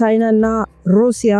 ቻይናና ሩሲያ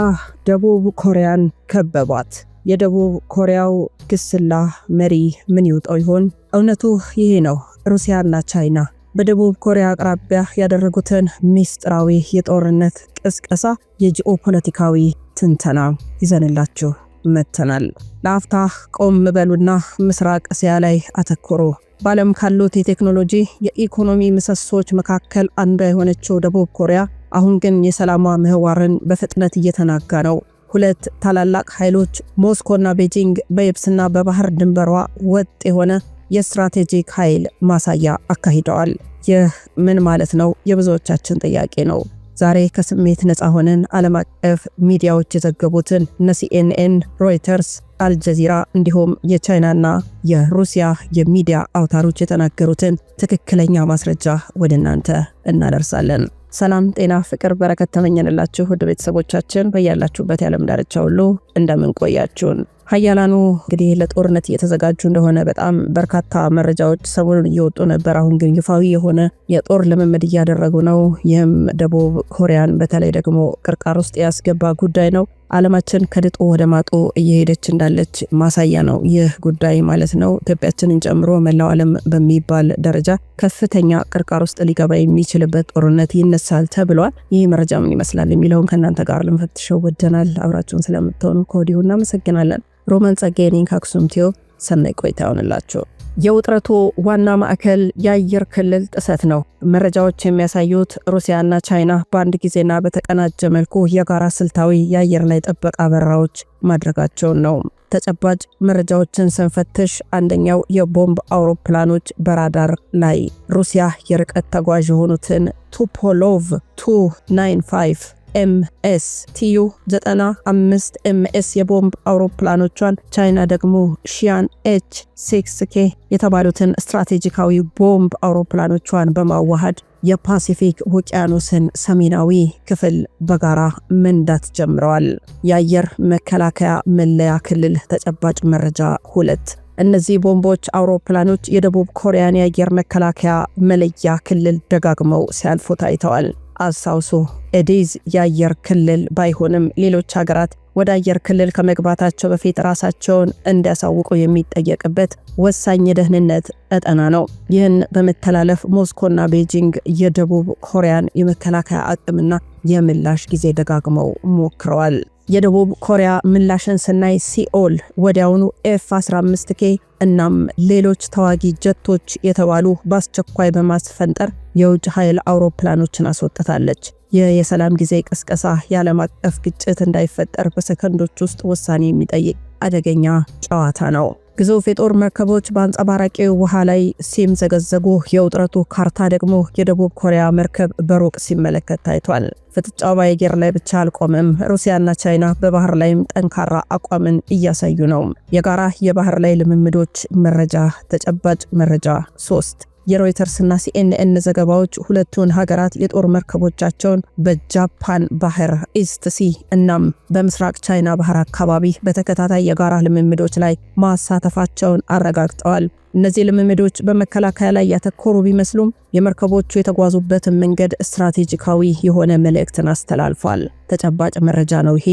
ደቡብ ኮሪያን ከበቧት። የደቡብ ኮሪያው ግስላ መሪ ምን ይውጠው ይሆን? እውነቱ ይሄ ነው። ሩሲያና ቻይና በደቡብ ኮሪያ አቅራቢያ ያደረጉትን ሚስጥራዊ የጦርነት ቅስቀሳ የጂኦፖለቲካዊ ትንተና ይዘንላችሁ መተናል። ለአፍታ ቆም በሉና ምስራቅ እስያ ላይ አተኩሩ። በዓለም ካሉት የቴክኖሎጂ የኢኮኖሚ ምሰሶች መካከል አንዷ የሆነችው ደቡብ ኮሪያ አሁን ግን የሰላሟ ምህዋርን በፍጥነት እየተናጋ ነው። ሁለት ታላላቅ ኃይሎች ሞስኮና ቤጂንግ በየብስና በባህር ድንበሯ ወጥ የሆነ የስትራቴጂክ ኃይል ማሳያ አካሂደዋል። ይህ ምን ማለት ነው? የብዙዎቻችን ጥያቄ ነው። ዛሬ ከስሜት ነፃ ሆነን ዓለም አቀፍ ሚዲያዎች የዘገቡትን እነ ሲኤንኤን፣ ሮይተርስ፣ አልጀዚራ እንዲሁም የቻይናና የሩሲያ የሚዲያ አውታሮች የተናገሩትን ትክክለኛ ማስረጃ ወደ እናንተ እናደርሳለን። ሰላም ጤና ፍቅር በረከት ተመኘንላችሁ ውድ ቤተሰቦቻችን በያላችሁበት የዓለም ዳርቻ ሁሉ እንደምንቆያችሁን ሀያላኑ እንግዲህ ለጦርነት እየተዘጋጁ እንደሆነ በጣም በርካታ መረጃዎች ሰሞኑን እየወጡ ነበር። አሁን ግን ይፋዊ የሆነ የጦር ልምምድ እያደረጉ ነው። ይህም ደቡብ ኮሪያን በተለይ ደግሞ ቅርቃር ውስጥ ያስገባ ጉዳይ ነው። አለማችን ከድጡ ወደ ማጡ እየሄደች እንዳለች ማሳያ ነው ይህ ጉዳይ ማለት ነው። ኢትዮጵያችንን ጨምሮ መላው ዓለም በሚባል ደረጃ ከፍተኛ ቅርቃር ውስጥ ሊገባ የሚችልበት ጦርነት ይነሳል ተብሏል። ይህ መረጃ ምን ይመስላል የሚለውን ከእናንተ ጋር ልንፈትሸው ወደናል። አብራችሁን ስለምትሆኑ ከወዲሁ እናመሰግናለን። ሮማን ጸጋዬ ነኝ ከአክሱም ቲዩብ። ሰናይ ቆይታ ይሆንላችሁ። የውጥረቱ ዋና ማዕከል የአየር ክልል ጥሰት ነው። መረጃዎች የሚያሳዩት ሩሲያና ቻይና በአንድ ጊዜና በተቀናጀ መልኩ የጋራ ስልታዊ የአየር ላይ ጥበቃ በራዎች ማድረጋቸውን ነው። ተጨባጭ መረጃዎችን ስንፈትሽ አንደኛው የቦምብ አውሮፕላኖች በራዳር ላይ ሩሲያ የርቀት ተጓዥ የሆኑትን ቱፖሎቭ 295 ኤምኤስ ቲዩ 95 ኤምኤስ የቦምብ አውሮፕላኖቿን ቻይና ደግሞ ሺያን ኤች 6 ኬ የተባሉትን ስትራቴጂካዊ ቦምብ አውሮፕላኖቿን በማዋሃድ የፓሲፊክ ውቅያኖስን ሰሜናዊ ክፍል በጋራ መንዳት ጀምረዋል። የአየር መከላከያ መለያ ክልል ተጨባጭ መረጃ ሁለት እነዚህ ቦምቦች አውሮፕላኖች የደቡብ ኮሪያን የአየር መከላከያ መለያ ክልል ደጋግመው ሲያልፉ ታይተዋል። አስታውሱ። ኤዲዝ የአየር ክልል ባይሆንም ሌሎች ሀገራት ወደ አየር ክልል ከመግባታቸው በፊት ራሳቸውን እንዲያሳውቁ የሚጠየቅበት ወሳኝ የደህንነት ቀጠና ነው። ይህን በመተላለፍ ሞስኮና ቤጂንግ የደቡብ ኮሪያን የመከላከያ አቅምና የምላሽ ጊዜ ደጋግመው ሞክረዋል። የደቡብ ኮሪያ ምላሽን ስናይ ሲኦል ወዲያውኑ ኤፍ 15 ኬ እናም ሌሎች ተዋጊ ጀቶች የተባሉ በአስቸኳይ በማስፈንጠር የውጭ ኃይል አውሮፕላኖችን አስወጥታለች። ይህ የሰላም ጊዜ ቅስቀሳ የዓለም አቀፍ ግጭት እንዳይፈጠር በሰከንዶች ውስጥ ውሳኔ የሚጠይቅ አደገኛ ጨዋታ ነው። ግዙፍ የጦር መርከቦች በአንጸባራቂ ውሃ ላይ ሲምዘገዘጉ፣ የውጥረቱ ካርታ ደግሞ የደቡብ ኮሪያ መርከብ በሩቅ ሲመለከት ታይቷል። ፍጥጫው በአየር ላይ ብቻ አልቆምም። ሩሲያና ቻይና በባህር ላይም ጠንካራ አቋምን እያሳዩ ነው። የጋራ የባህር ላይ ልምምዶች መረጃ ተጨባጭ መረጃ ሶስት የሮይተርስና ሲኤንኤን ዘገባዎች ሁለቱን ሀገራት የጦር መርከቦቻቸውን በጃፓን ባህር ኢስት ሲ እናም በምስራቅ ቻይና ባህር አካባቢ በተከታታይ የጋራ ልምምዶች ላይ ማሳተፋቸውን አረጋግጠዋል። እነዚህ ልምምዶች በመከላከያ ላይ ያተኮሩ ቢመስሉም የመርከቦቹ የተጓዙበትን መንገድ ስትራቴጂካዊ የሆነ መልእክትን አስተላልፏል። ተጨባጭ መረጃ ነው ይሄ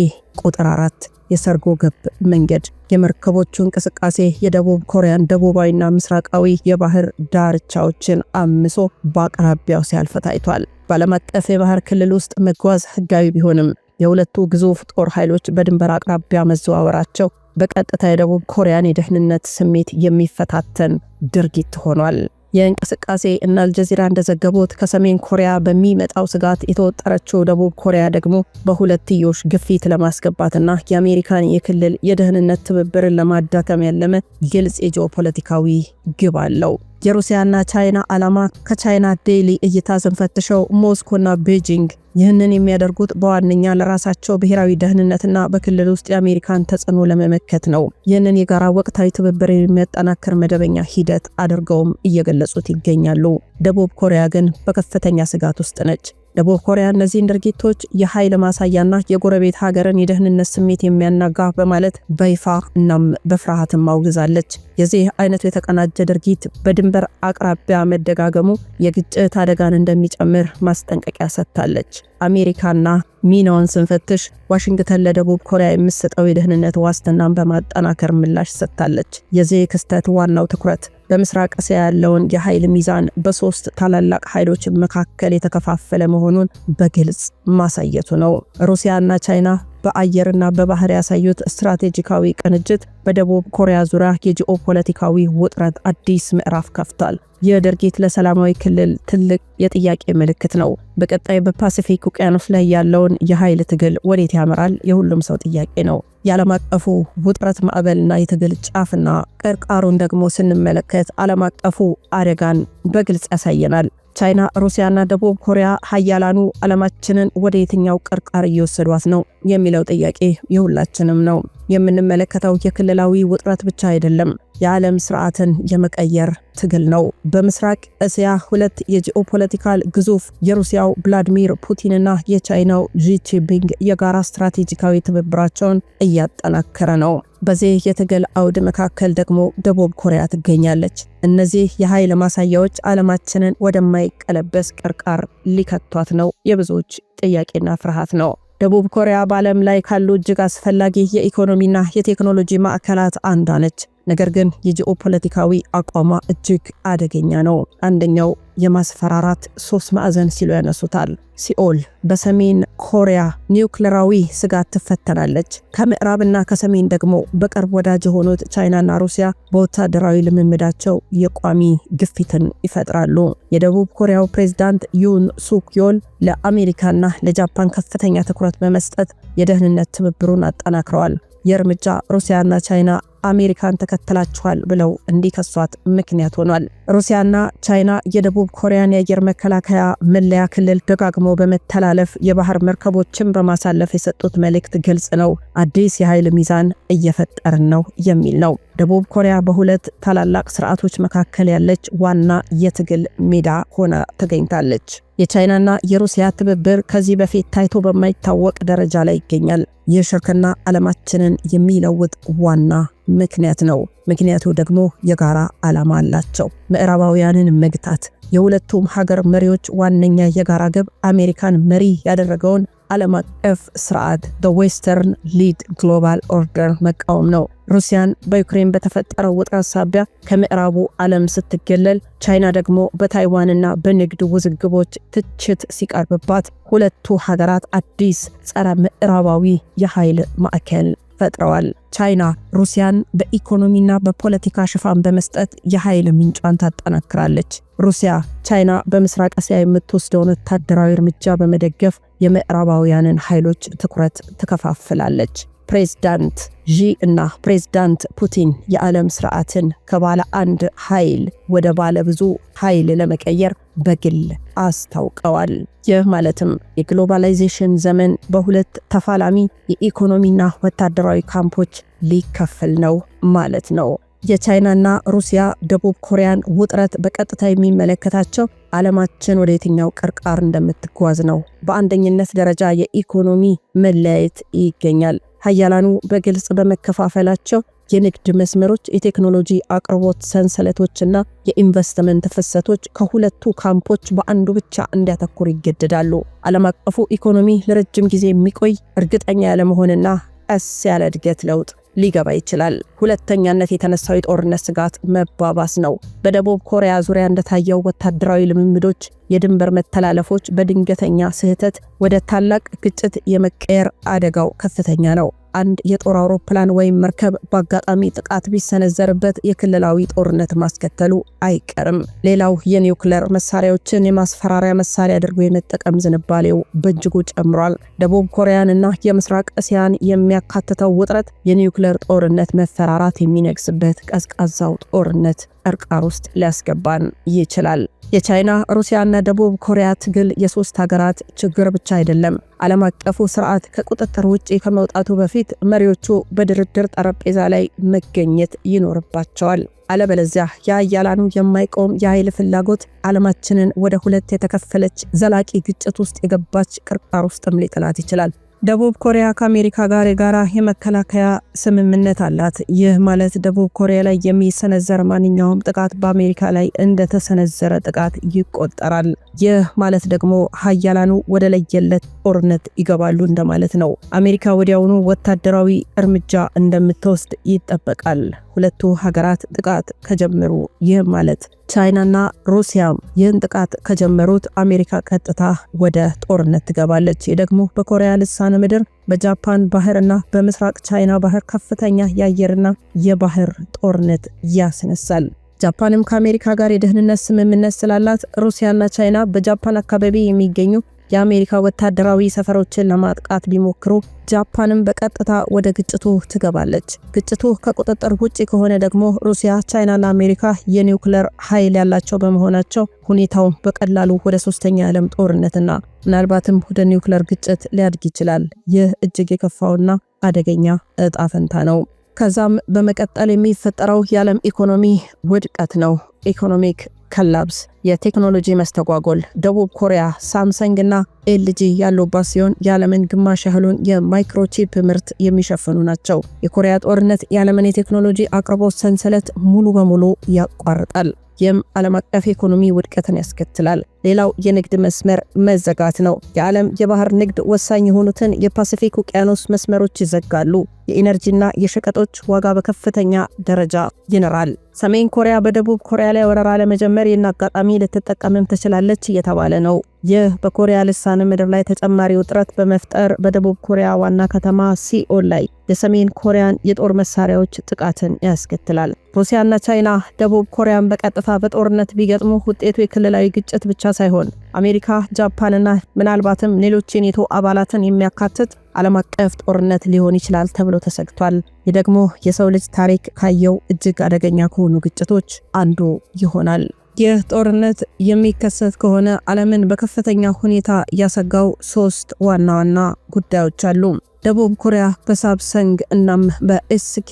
ቁጥር አራት የሰርጎ ገብ መንገድ የመርከቦቹ እንቅስቃሴ የደቡብ ኮሪያን ደቡባዊና ምስራቃዊ የባህር ዳርቻዎችን አምሶ በአቅራቢያው ሲያልፍ ታይቷል። በዓለም አቀፍ የባህር ክልል ውስጥ መጓዝ ህጋዊ ቢሆንም የሁለቱ ግዙፍ ጦር ኃይሎች በድንበር አቅራቢያ መዘዋወራቸው በቀጥታ የደቡብ ኮሪያን የደህንነት ስሜት የሚፈታተን ድርጊት ሆኗል። የእንቅስቃሴ እና አልጀዚራ እንደዘገቡት ከሰሜን ኮሪያ በሚመጣው ስጋት የተወጠረችው ደቡብ ኮሪያ ደግሞ በሁለትዮሽ ግፊት ለማስገባትና የአሜሪካን የክልል የደህንነት ትብብርን ለማዳከም ያለመ ግልጽ የጂኦፖለቲካዊ ግብ አለው። የሩሲያና ቻይና ዓላማ ከቻይና ዴይሊ እይታ ስንፈትሸው ሞስኮና ቤጂንግ ይህንን የሚያደርጉት በዋነኛ ለራሳቸው ብሔራዊ ደህንነትና በክልል ውስጥ የአሜሪካን ተጽዕኖ ለመመከት ነው። ይህንን የጋራ ወቅታዊ ትብብር የሚያጠናክር መደበኛ ሂደት አድርገውም እየገለጹት ይገኛሉ። ደቡብ ኮሪያ ግን በከፍተኛ ስጋት ውስጥ ነች። ደቡብ ኮሪያ እነዚህን ድርጊቶች የኃይል ማሳያና የጎረቤት ሀገርን የደህንነት ስሜት የሚያናጋ በማለት በይፋ እናም በፍርሃትም አውግዛለች። የዚህ አይነቱ የተቀናጀ ድርጊት በድንበር አቅራቢያ መደጋገሙ የግጭት አደጋን እንደሚጨምር ማስጠንቀቂያ ሰጥታለች። አሜሪካና ሚናዋን ስንፈትሽ ዋሽንግተን ለደቡብ ኮሪያ የምትሰጠው የደህንነት ዋስትናን በማጠናከር ምላሽ ሰጥታለች። የዚህ ክስተት ዋናው ትኩረት በምስራቅ እስያ ያለውን የኃይል ሚዛን በሶስት ታላላቅ ኃይሎች መካከል የተከፋፈለ መሆኑን በግልጽ ማሳየቱ ነው። ሩሲያና ቻይና በአየርና በባህር ያሳዩት ስትራቴጂካዊ ቅንጅት በደቡብ ኮሪያ ዙሪያ የጂኦ ፖለቲካዊ ውጥረት አዲስ ምዕራፍ ከፍቷል። ይህ ድርጊት ለሰላማዊ ክልል ትልቅ የጥያቄ ምልክት ነው። በቀጣይ በፓሲፊክ ውቅያኖስ ላይ ያለውን የኃይል ትግል ወዴት ያመራል? የሁሉም ሰው ጥያቄ ነው። የዓለም አቀፉ ውጥረት ማዕበልና የትግል ጫፍና ቅርቃሩን ደግሞ ስንመለከት ዓለም አቀፉ አደጋን በግልጽ ያሳየናል። ቻይና፣ ሩሲያና ደቡብ ኮሪያ ሀያላኑ ዓለማችንን ወደ የትኛው ቅርቃር እየወሰዷት ነው የሚለው ጥያቄ የሁላችንም ነው። የምንመለከተው የክልላዊ ውጥረት ብቻ አይደለም፣ የዓለም ስርዓትን የመቀየር ትግል ነው። በምስራቅ እስያ ሁለት የጂኦፖለቲካል ግዙፍ የሩሲያው ቭላድሚር ፑቲንና የቻይናው ዢ ጂንፒንግ የጋራ ስትራቴጂካዊ ትብብራቸውን እያጠናከረ ነው። በዚህ የትግል አውድ መካከል ደግሞ ደቡብ ኮሪያ ትገኛለች። እነዚህ የኃይል ማሳያዎች ዓለማችንን ወደማይቀለበስ ቅርቃር ሊከቷት ነው የብዙዎች ጥያቄና ፍርሃት ነው። ደቡብ ኮሪያ በዓለም ላይ ካሉ እጅግ አስፈላጊ የኢኮኖሚና የቴክኖሎጂ ማዕከላት አንዷ ነች። ነገር ግን የጂኦፖለቲካዊ አቋሟ እጅግ አደገኛ ነው። አንደኛው የማስፈራራት ሶስት ማዕዘን ሲሉ ያነሱታል። ሲኦል በሰሜን ኮሪያ ኒውክሌራዊ ስጋት ትፈተናለች። ከምዕራብና ከሰሜን ደግሞ በቅርብ ወዳጅ የሆኑት ቻይናና ሩሲያ በወታደራዊ ልምምዳቸው የቋሚ ግፊትን ይፈጥራሉ። የደቡብ ኮሪያው ፕሬዝዳንት ዩን ሱክዮል ለአሜሪካና ለጃፓን ከፍተኛ ትኩረት በመስጠት የደህንነት ትብብሩን አጠናክረዋል። የእርምጃ ሩሲያና ቻይና አሜሪካን ተከትላችኋል ብለው እንዲከሷት ምክንያት ሆኗል። ሩሲያና ቻይና የደቡብ ኮሪያን የአየር መከላከያ መለያ ክልል ደጋግሞ በመተላለፍ የባህር መርከቦችን በማሳለፍ የሰጡት መልእክት ግልጽ ነው። አዲስ የኃይል ሚዛን እየፈጠርን ነው የሚል ነው። ደቡብ ኮሪያ በሁለት ታላላቅ ስርዓቶች መካከል ያለች ዋና የትግል ሜዳ ሆና ተገኝታለች። የቻይናና የሩሲያ ትብብር ከዚህ በፊት ታይቶ በማይታወቅ ደረጃ ላይ ይገኛል። የሽርክና ዓለማችንን የሚለውጥ ዋና ምክንያት ነው። ምክንያቱ ደግሞ የጋራ ዓላማ አላቸው። ምዕራባውያንን መግታት የሁለቱም ሀገር መሪዎች ዋነኛ የጋራ ግብ አሜሪካን መሪ ያደረገውን ዓለም አቀፍ ስርዓት በዌስተርን ሊድ ግሎባል ኦርደር መቃወም ነው። ሩሲያን በዩክሬን በተፈጠረው ውጥረት ሳቢያ ከምዕራቡ ዓለም ስትገለል፣ ቻይና ደግሞ በታይዋንና በንግድ ውዝግቦች ትችት ሲቀርብባት፣ ሁለቱ ሀገራት አዲስ ጸረ ምዕራባዊ የኃይል ማዕከል ፈጥረዋል። ቻይና ሩሲያን በኢኮኖሚና በፖለቲካ ሽፋን በመስጠት የኃይል ምንጯን ታጠናክራለች። ሩሲያ ቻይና በምስራቅ እስያ የምትወስደውን ወታደራዊ እርምጃ በመደገፍ የምዕራባውያንን ኃይሎች ትኩረት ትከፋፍላለች። ፕሬዝዳንት ዢ እና ፕሬዝዳንት ፑቲን የዓለም ስርዓትን ከባለ አንድ ኃይል ወደ ባለ ብዙ ኃይል ለመቀየር በግል አስታውቀዋል። ይህ ማለትም የግሎባላይዜሽን ዘመን በሁለት ተፋላሚ የኢኮኖሚና ወታደራዊ ካምፖች ሊከፈል ነው ማለት ነው። የቻይናና ሩሲያ ደቡብ ኮሪያን ውጥረት በቀጥታ የሚመለከታቸው ዓለማችን ወደ የትኛው ቅርቃር እንደምትጓዝ ነው። በአንደኝነት ደረጃ የኢኮኖሚ መለያየት ይገኛል። ሀያላኑ በግልጽ በመከፋፈላቸው የንግድ መስመሮች፣ የቴክኖሎጂ አቅርቦት ሰንሰለቶችና የኢንቨስትመንት ፍሰቶች ከሁለቱ ካምፖች በአንዱ ብቻ እንዲያተኩር ይገደዳሉ። ዓለም አቀፉ ኢኮኖሚ ለረጅም ጊዜ የሚቆይ እርግጠኛ ያለመሆንና ቀስ ያለ እድገት ለውጥ ሊገባ ይችላል። ሁለተኛነት የተነሳው የጦርነት ስጋት መባባስ ነው። በደቡብ ኮሪያ ዙሪያ እንደታየው ወታደራዊ ልምምዶች፣ የድንበር መተላለፎች በድንገተኛ ስህተት ወደ ታላቅ ግጭት የመቀየር አደጋው ከፍተኛ ነው። አንድ የጦር አውሮፕላን ወይም መርከብ በአጋጣሚ ጥቃት ቢሰነዘርበት የክልላዊ ጦርነት ማስከተሉ አይቀርም። ሌላው የኒውክሌር መሳሪያዎችን የማስፈራሪያ መሳሪያ አድርጎ የመጠቀም ዝንባሌው በእጅጉ ጨምሯል። ደቡብ ኮሪያን እና የምስራቅ እስያን የሚያካትተው ውጥረት የኒውክሌር ጦርነት መፈራራት የሚነግስበት ቀዝቃዛው ጦርነት እርቃር ውስጥ ሊያስገባን ይችላል። የቻይና ሩሲያና ደቡብ ኮሪያ ትግል የሶስት ሀገራት ችግር ብቻ አይደለም። ዓለም አቀፉ ስርዓት ከቁጥጥር ውጭ ከመውጣቱ በፊት መሪዎቹ በድርድር ጠረጴዛ ላይ መገኘት ይኖርባቸዋል። አለበለዚያ የአያላኑ የማይቆም የኃይል ፍላጎት ዓለማችንን ወደ ሁለት የተከፈለች ዘላቂ ግጭት ውስጥ የገባች ቅርቃር ውስጥም ሊጥላት ይችላል። ደቡብ ኮሪያ ከአሜሪካ ጋር የጋራ የመከላከያ ስምምነት አላት። ይህ ማለት ደቡብ ኮሪያ ላይ የሚሰነዘር ማንኛውም ጥቃት በአሜሪካ ላይ እንደተሰነዘረ ጥቃት ይቆጠራል። ይህ ማለት ደግሞ ሀያላኑ ወደ ለየለት ጦርነት ይገባሉ እንደማለት ነው። አሜሪካ ወዲያውኑ ወታደራዊ እርምጃ እንደምትወስድ ይጠበቃል ሁለቱ ሀገራት ጥቃት ከጀመሩ። ይህም ማለት ቻይናና ሩሲያም ይህን ጥቃት ከጀመሩት አሜሪካ ቀጥታ ወደ ጦርነት ትገባለች። ይህ ደግሞ በኮሪያ ልሳነ ምድር በጃፓን ባህርና በምስራቅ ቻይና ባህር ከፍተኛ የአየርና የባህር ጦርነት ያስነሳል። ጃፓንም ከአሜሪካ ጋር የደህንነት ስምምነት ስላላት ሩሲያና ቻይና በጃፓን አካባቢ የሚገኙ የአሜሪካ ወታደራዊ ሰፈሮችን ለማጥቃት ቢሞክሩ ጃፓንም በቀጥታ ወደ ግጭቱ ትገባለች። ግጭቱ ከቁጥጥር ውጭ ከሆነ ደግሞ ሩሲያ፣ ቻይናና አሜሪካ የኒውክለር ኃይል ያላቸው በመሆናቸው ሁኔታው በቀላሉ ወደ ሶስተኛ ዓለም ጦርነትና ምናልባትም ወደ ኒውክለር ግጭት ሊያድግ ይችላል። ይህ እጅግ የከፋውና አደገኛ እጣ ፈንታ ነው። ከዛም በመቀጠል የሚፈጠረው የዓለም ኢኮኖሚ ውድቀት ነው። ኢኮኖሚክ ከላብስ የቴክኖሎጂ መስተጓጎል ደቡብ ኮሪያ ሳምሰንግ እና ኤልጂ ያሉባት ሲሆን የዓለምን ግማሽ ያህሉን የማይክሮቺፕ ምርት የሚሸፍኑ ናቸው። የኮሪያ ጦርነት የዓለምን የቴክኖሎጂ አቅርቦት ሰንሰለት ሙሉ በሙሉ ያቋርጣል። ይህም ዓለም አቀፍ ኢኮኖሚ ውድቀትን ያስከትላል። ሌላው የንግድ መስመር መዘጋት ነው። የዓለም የባህር ንግድ ወሳኝ የሆኑትን የፓሲፊክ ውቅያኖስ መስመሮች ይዘጋሉ። የኢነርጂና የሸቀጦች ዋጋ በከፍተኛ ደረጃ ይንራል። ሰሜን ኮሪያ በደቡብ ኮሪያ ላይ ወረራ ለመጀመር ይህን አጋጣሚ ልትጠቀምም ትችላለች እየተባለ ነው። ይህ በኮሪያ ልሳነ ምድር ላይ ተጨማሪ ውጥረት በመፍጠር በደቡብ ኮሪያ ዋና ከተማ ሲኦል ላይ የሰሜን ኮሪያን የጦር መሳሪያዎች ጥቃትን ያስከትላል። ሩሲያና ቻይና ደቡብ ኮሪያን በቀጥታ በጦርነት ቢገጥሙ ውጤቱ የክልላዊ ግጭት ብቻ ሳይሆን አሜሪካ፣ ጃፓንና ምናልባትም ሌሎች የኔቶ አባላትን የሚያካትት ዓለም አቀፍ ጦርነት ሊሆን ይችላል ተብሎ ተሰግቷል። ይህ ደግሞ የሰው ልጅ ታሪክ ካየው እጅግ አደገኛ ከሆኑ ግጭቶች አንዱ ይሆናል። ይህ ጦርነት የሚከሰት ከሆነ ዓለምን በከፍተኛ ሁኔታ ያሰጋው ሶስት ዋና ዋና ጉዳዮች አሉ። ደቡብ ኮሪያ በሳምሰንግ እናም በኤስኬ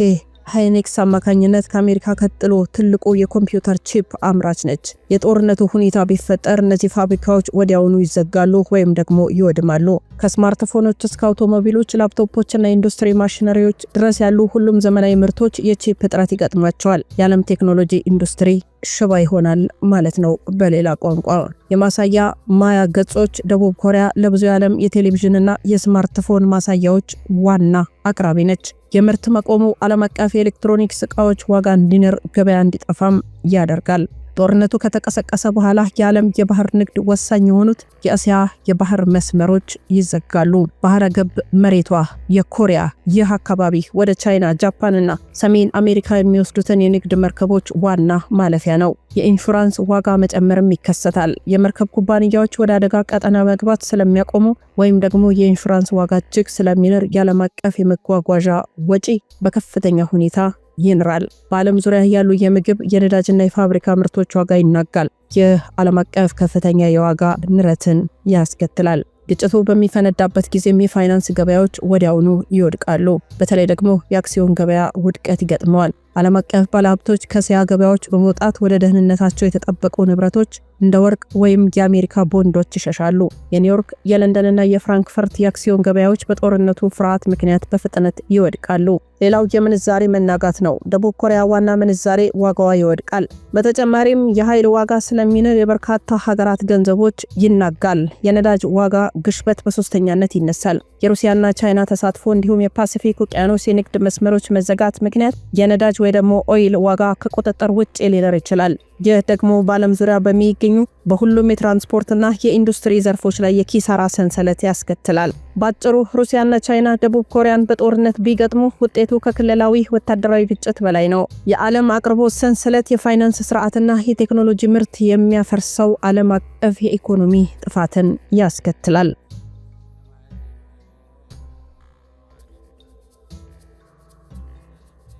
ሃይኔክስ አማካኝነት ከአሜሪካ ቀጥሎ ትልቁ የኮምፒውተር ቺፕ አምራች ነች። የጦርነቱ ሁኔታ ቢፈጠር እነዚህ ፋብሪካዎች ወዲያውኑ ይዘጋሉ ወይም ደግሞ ይወድማሉ። ከስማርትፎኖች እስከ አውቶሞቢሎች፣ ላፕቶፖች እና ኢንዱስትሪ ማሽነሪዎች ድረስ ያሉ ሁሉም ዘመናዊ ምርቶች የቺፕ እጥረት ይገጥሟቸዋል። የዓለም ቴክኖሎጂ ኢንዱስትሪ ሽባ ይሆናል ማለት ነው። በሌላ ቋንቋ የማሳያ ማያ ገጾች ደቡብ ኮሪያ ለብዙ የዓለም የቴሌቪዥንና የስማርትፎን ማሳያዎች ዋና አቅራቢ ነች። የምርት መቆሙ ዓለም አቀፍ የኤሌክትሮኒክስ ዕቃዎች ዋጋ እንዲንር ገበያ እንዲጠፋም ያደርጋል። ጦርነቱ ከተቀሰቀሰ በኋላ የዓለም የባህር ንግድ ወሳኝ የሆኑት የእስያ የባህር መስመሮች ይዘጋሉ። ባህረ ገብ መሬቷ የኮሪያ ይህ አካባቢ ወደ ቻይና፣ ጃፓንና ሰሜን አሜሪካ የሚወስዱትን የንግድ መርከቦች ዋና ማለፊያ ነው። የኢንሹራንስ ዋጋ መጨመርም ይከሰታል። የመርከብ ኩባንያዎች ወደ አደጋ ቀጠና መግባት ስለሚያቆሙ ወይም ደግሞ የኢንሹራንስ ዋጋ እጅግ ስለሚንር የዓለም አቀፍ የመጓጓዣ ወጪ በከፍተኛ ሁኔታ ይንራል። በዓለም ዙሪያ ያሉ የምግብ የነዳጅና የፋብሪካ ምርቶች ዋጋ ይናጋል። ይህ ዓለም አቀፍ ከፍተኛ የዋጋ ንረትን ያስከትላል። ግጭቱ በሚፈነዳበት ጊዜም የፋይናንስ ገበያዎች ወዲያውኑ ይወድቃሉ። በተለይ ደግሞ የአክሲዮን ገበያ ውድቀት ይገጥመዋል። ዓለም አቀፍ ባለሀብቶች ከሰያ ገበያዎች በመውጣት ወደ ደህንነታቸው የተጠበቁ ንብረቶች እንደ ወርቅ ወይም የአሜሪካ ቦንዶች ይሸሻሉ። የኒውዮርክ የለንደንና የፍራንክፈርት የአክሲዮን ገበያዎች በጦርነቱ ፍርሃት ምክንያት በፍጥነት ይወድቃሉ። ሌላው የምንዛሬ መናጋት ነው። ደቡብ ኮሪያ ዋና ምንዛሬ ዋጋዋ ይወድቃል። በተጨማሪም የኃይል ዋጋ ስለሚንር የበርካታ ሀገራት ገንዘቦች ይናጋል። የነዳጅ ዋጋ ግሽበት በሶስተኛነት ይነሳል። የሩሲያና ቻይና ተሳትፎ እንዲሁም የፓሲፊክ ውቅያኖስ የንግድ መስመሮች መዘጋት ምክንያት የነዳጅ ወይ ደግሞ ኦይል ዋጋ ከቁጥጥር ውጭ ሊነር ይችላል። ይህ ደግሞ በዓለም ዙሪያ በሚገ የሚገኙ በሁሉም የትራንስፖርትና የኢንዱስትሪ ዘርፎች ላይ የኪሳራ ሰንሰለት ያስከትላል። በአጭሩ ሩሲያና ቻይና ደቡብ ኮሪያን በጦርነት ቢገጥሙ ውጤቱ ከክልላዊ ወታደራዊ ግጭት በላይ ነው። የዓለም አቅርቦት ሰንሰለት፣ የፋይናንስ ስርዓትና የቴክኖሎጂ ምርት የሚያፈርሰው ዓለም አቀፍ የኢኮኖሚ ጥፋትን ያስከትላል።